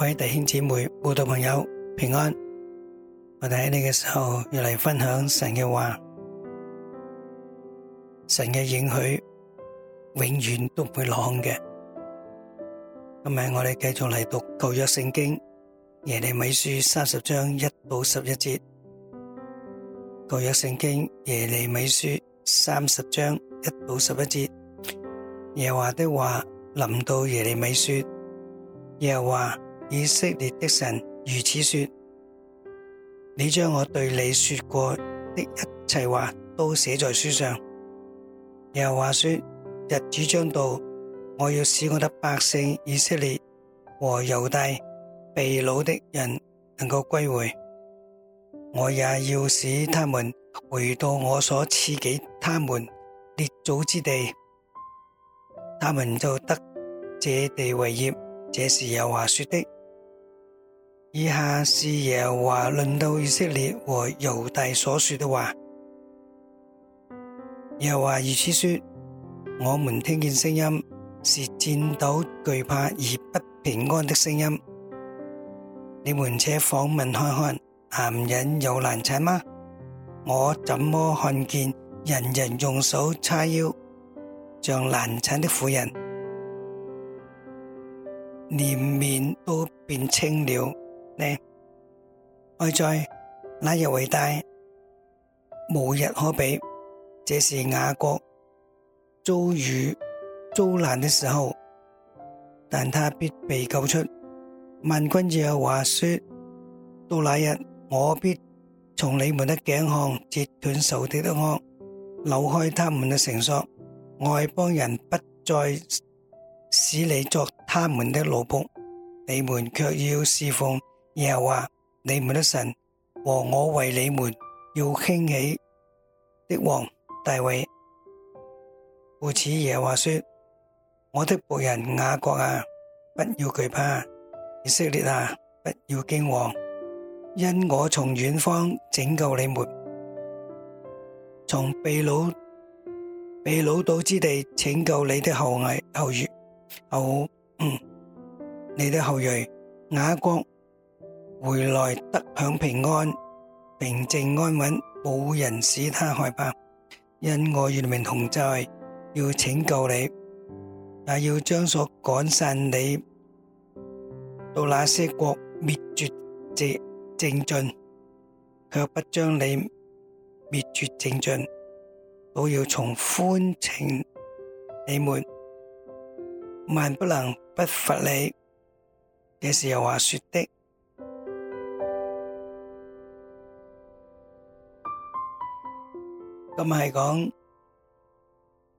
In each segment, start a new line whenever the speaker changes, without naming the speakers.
各位弟兄姐妹、信徒朋友平安！我哋喺呢個時候要嚟分享神嘅話，神嘅應許永遠都不會落空嘅。今日我哋繼續嚟讀舊約聖經耶利米書三十章一到十一節。舊約聖經耶利米書三十章一到十一節，耶華的話臨到耶利米說：耶華。以色列的神如此說：你將我對你說過的一切話都寫在書上。又話說：日子將到，我要使我的百姓以色列和猶大被擄的人能夠歸回，我也要使他們回到我所賜給他們列祖之地，他們就得這地為業。這是有話說的。以下是耶和華論到以色列和猶大所說的話。耶和華如此說，我們聽見聲音，是戰抖懼怕而不平安的聲音。你們且訪問看看，男人有難產嗎？我怎麼看見人人用手叉腰，像難產的婦人，臉面都變青了。哀哉！那日為大，無日可比。這是雅各遭遇遭難的時候，但他必被救出。萬君子有話說：到那日，我必從你們的頸項截斷仇敵的軛，扭開他們的繩索，外邦人不再使你作他們的奴僕，你們卻要侍奉耶和華你們的神和我為你們要興起的王大衛。故此耶和華說：我的僕人雅各啊，不要懼怕；以色列啊，不要驚惶，因我從遠方拯救你們，從被擄被擄到之地拯救你的後裔後裔後嗯你的後裔雅各回來得享平安、平靜安穩，無人使他害怕。因我與你同在，要拯救你，也要將所趕散你到那些國滅絕，淨盡，却不將你滅絕淨盡。我要從寬情你們，萬不能不罰你的時候。這是有話說的。今日係講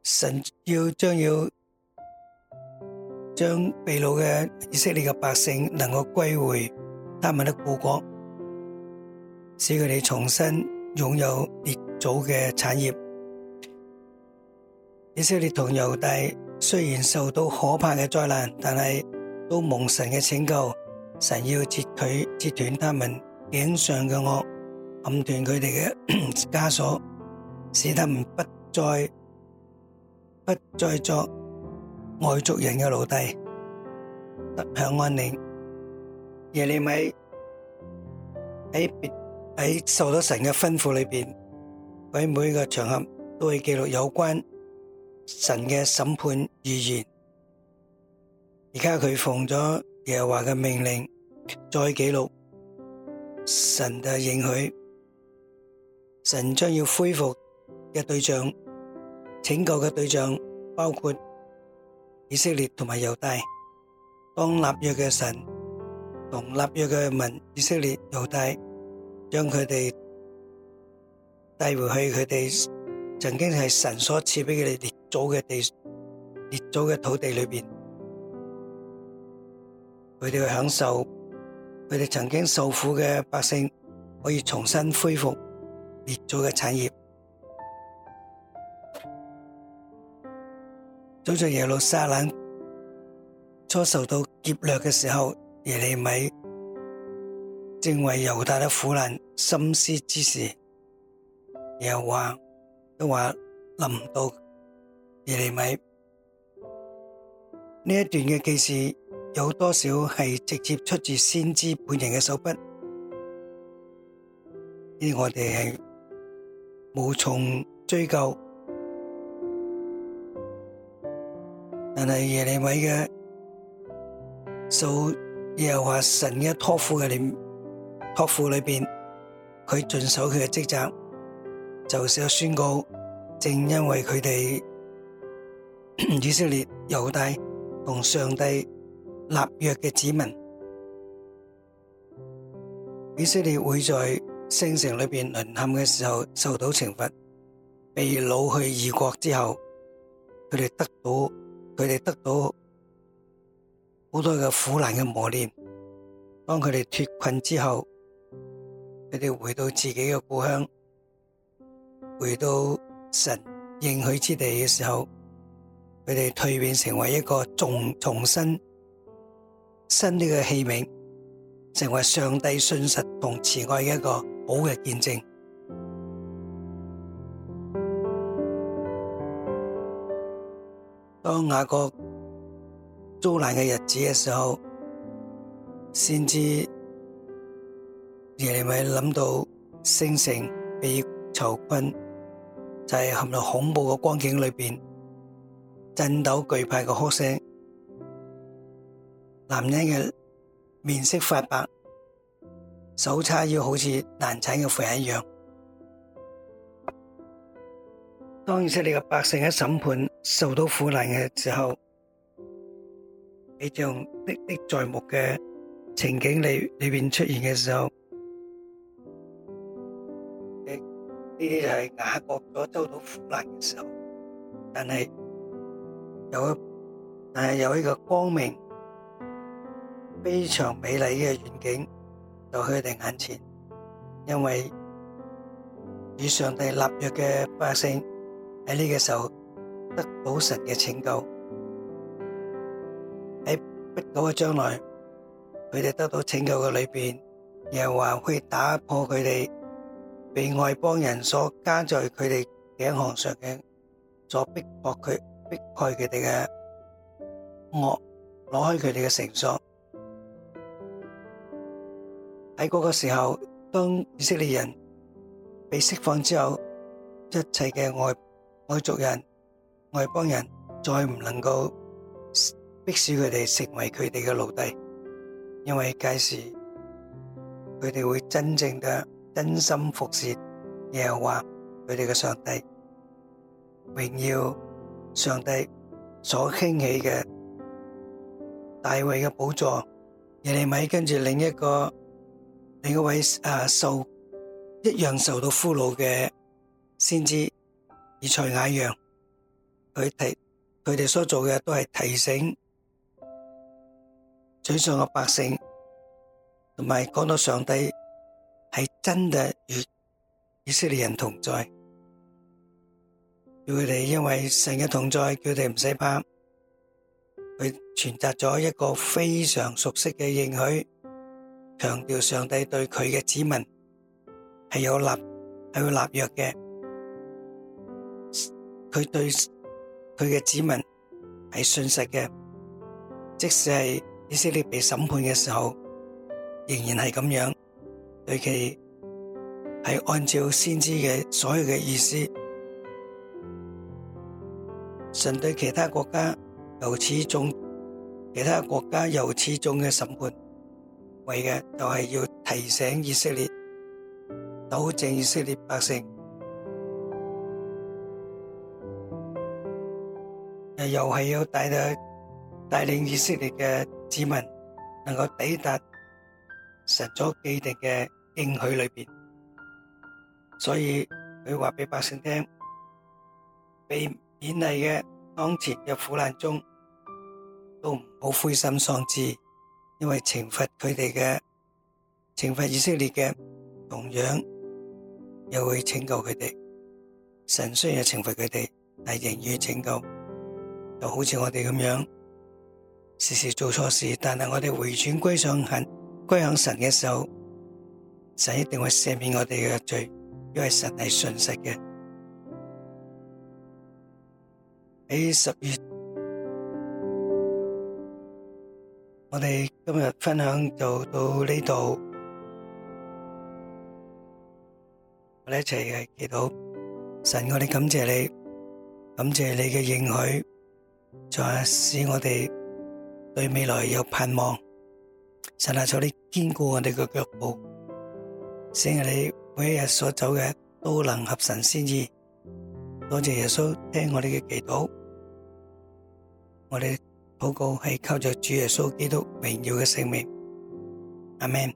神要將要將被擄嘅以色列嘅百姓能夠歸回他們的故國，使佢哋重新擁有列祖嘅產業。以色列同猶大雖然受到可怕嘅災難，但係都蒙神嘅拯救。神要截佢截斷他們頸上嘅軛，砍斷佢哋嘅枷鎖。使他們不再不再作外族人嘅奴隸，得享安寧。耶利米喺別喺受咗神嘅吩咐裏邊，喺每個場合都會記錄有關神嘅審判預言。而家佢奉咗耶和華嘅命令，再記錄神嘅應許。神將要恢復。嘅對象，拯救嘅對象包括以色列同埋猶大，當立約嘅神同立約嘅民以色列、猶大，將佢哋帶回去佢哋曾經係神所賜俾佢哋列祖嘅地、列祖嘅土地裏面，佢哋去享受佢哋，曾經受苦嘅百姓可以重新恢復列祖嘅產業。早在耶路撒冷初受到劫掠嘅時候，耶利米正為猶太嘅苦難深思之時，又話都話臨到耶利米呢一段嘅記事，有多少係直接出自先知本人嘅手筆？因為我哋係無從追究。但係耶利米嘅受耶和華神嘅託付嘅裏託付裏邊，佢盡守佢嘅職責，就係宣告。正因為佢哋 以色列猶大同上帝立約嘅子民，以色列會在聖城裏邊淪陷嘅時候受到懲罰，被擄去異國之後，佢哋得到。佢哋得到好多嘅苦難嘅磨練，當佢哋脫困之後，佢哋回到自己嘅故鄉，回到神應許之地嘅時候，佢哋蛻變成為一個重重新新啲嘅器皿，成為上帝信實同慈愛嘅一個好嘅見證。當雅各遭難嘅日子嘅時候，先知耶利米想到聖城被囚困，就係陷入恐怖嘅光景裏面。震抖巨派嘅哭聲，男人嘅面色發白，手叉腰好似難產嘅婦人一樣，當然即係你嘅百姓喺審判。受到苦難嘅時候，你像歷歷在目嘅情景，裏裏面出現嘅時候，呢啲就係捱過咗遭到苦難嘅時候。但係有一，但係有一個光明、非常美麗嘅遠景，就喺佢哋眼前。因為與上帝立約嘅百姓喺呢個時候，得到神嘅拯救，喺不久嘅將來，佢哋得到拯救嘅裏邊，又話會打破佢哋被外邦人所加在佢哋頸項上嘅所逼迫佢逼害佢哋嘅惡，攞開佢哋嘅繩索。喺嗰個時候，當以色列人被釋放之後，一切嘅外外族人。外邦人再唔能夠迫使佢哋成為佢哋嘅奴隸，因為屆時佢哋會真正嘅真心服侍，亦係話佢哋嘅上帝榮耀上帝所興起嘅大衛嘅寶座，耶利米跟住另一個另一位誒、啊、受一樣受到俘虜嘅先知以賽亞樣。佢提佢哋所做嘅都係提醒嘴上嘅百姓，同埋講到上帝係真嘅與以色列人同在，與佢哋，因為神嘅同在，叫佢哋唔使怕。佢傳達咗一個非常熟悉嘅應許，強調上帝對佢嘅子民係有立係會立約嘅，佢對，佢嘅子民係信實嘅，即使係以色列被審判嘅時候，仍然係咁樣，對其係按照先知嘅所有嘅意思，神對其他國家由始終，其他國家由始終嘅審判，為嘅就係要提醒以色列，糾正以色列百姓。又係要帶嘅帶領以色列嘅子民，能夠抵達神所既定嘅應許裏邊。所以佢話俾百姓聽，被勉勵，嘅當前嘅苦難中，都唔好灰心喪志，因為懲罰佢哋嘅懲罰以色列嘅同樣，又會拯救佢哋。神雖然懲罰佢哋，但仍然要拯救。就好似我哋咁樣，時時做錯事，但係我哋回轉歸上行，歸向神嘅時候，神一定會赦免我哋嘅罪，因為神係信實嘅。喺十月，我哋今日分享就到呢度，我哋一齊嘅祈禱，神，我哋感謝你，感謝你嘅應許。就使我哋對未來有盼望，神啊，坐啲堅固我哋嘅腳步，使我哋每一日所走嘅都能合神心意。多謝耶穌聽我哋嘅祈禱，我哋禱告係靠着主耶穌基督榮耀嘅聖名，阿門。